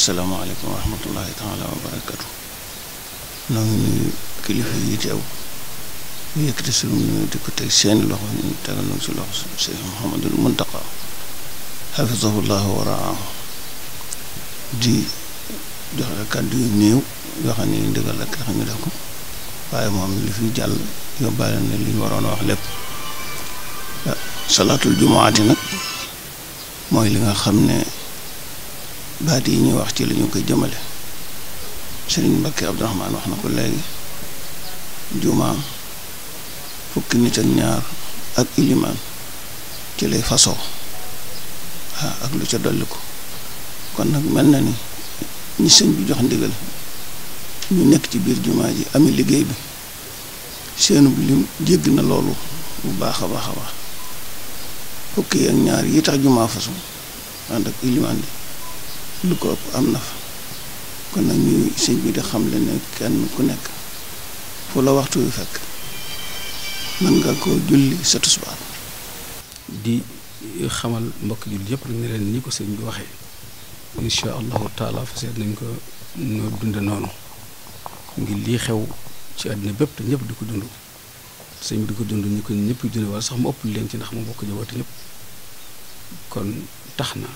asalaamaaleykum wa rahmatullahi taala wa barakatu noo ngi kilifa yi teew ñu yëkkati suñu nuyu di ko teg seeni loxo ñu tegal nañ si loxo Cheikh Mouhamadul Muntaqa xafisahullahu wa raahu di joxe kàddu yu néew yoo xam ne ndigal rek ñu def ko waaye moom li fi jàll yóbbaale na li waroon wax lépp salaatul jumaati nag mooy li nga xam ne baat yi ñuy wax ci la ñu koy jëmale sëriñ Mbakke Abdourahmaan wax na ko léegi jumaam fukki nit ak ñaar ak ilimaan ci lay fasoo waaw ah, ak lu ca dolli ko kon nag mel na ni ñi sëñ bi jox ndigal ñu nekk ci biir jumaa ji amee liggéey bi seenu bu lim jégg na loolu bu baax a baax a baax fukki ak ñaar yi tax jumaa fasu ànd ak ilimaan bi lu ko ëpp am na fa kon nag ñuy sëñ bi di xamle ne kenn ku nekk fu la waxtu wi fekk mën nga ko julli sa tusbaar di xamal mbokk julli yëpp rek ne leen nii ko sëñ bi waxee incha allahu taala fa seet nañ ko noo dunde noonu ngir lii xew ci àddina bépp ñëpp di ko dund sëñ bi di ko dund ñu ko ñëpp di dund wala sax mu ëpp leen ci ndax mu bokk jawwati ñëpp kon tax na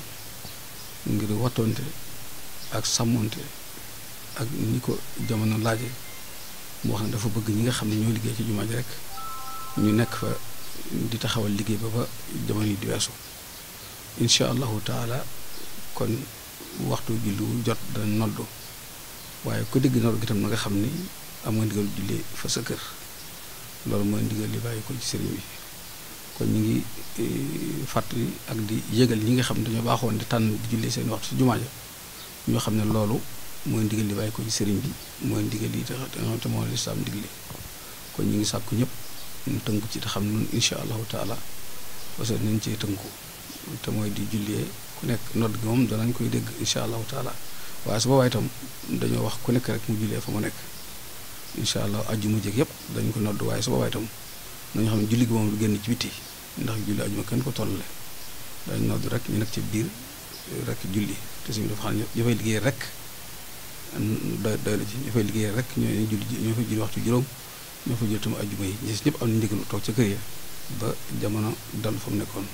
ngir wattonte ak sàmmonte ak ni ko jamono laaje mu wax ne dafa bëgg ñi nga xam ne ñoo liggéey ci jumaa ji rek ñu nekk fa di taxawal liggéey ba ba jamono yi di weesu incha allahu taala kon waxtu julli jot dana noddu waaye ku dégg noddu gi tam na nga xam ni am nga ndigal julli fa sa kër loolu mooy ndigal li bàyyi ci sëriñ bi kon ñu ngi eh, fàttali ak di yëgal ñi nga xam ne dañoo baaxoon di tànn di julli seen waxtu si jumaa ñoo xam ne loolu mooy ndigal li bàyyi ko ci sëriñ bi mooy ndigal li te xam te moo kon ñu ngi sàkku ñëpp ñu tënku ci xam ne incha allahu taala parce que nañ te mooy di jullee ku nekk nodd gi moom danañ koy dégg incha allahu taala waaye su boobaa itam dañoo wax ku nekk rek mu jullee fa mu nekk incha allah aju mu jëkk yëpp dañ ko nodd waaye su boobaa itam nañu xam ne julli gi moom lu génn ci biti ndax julli ajuma kenn ko toll la dañu nodd rek ñu nekk ci biir rek julli te suñu dafa xam ne ñu fay liggéey rek doy na ñu fay liggéey rek ñoo julli ñoo fay julli waxtu juróom ñoo fay julli tam ajuma yi ñi si ñëpp am na ndigalu toog ca kër ya ba jamono dal fa mu nekkoon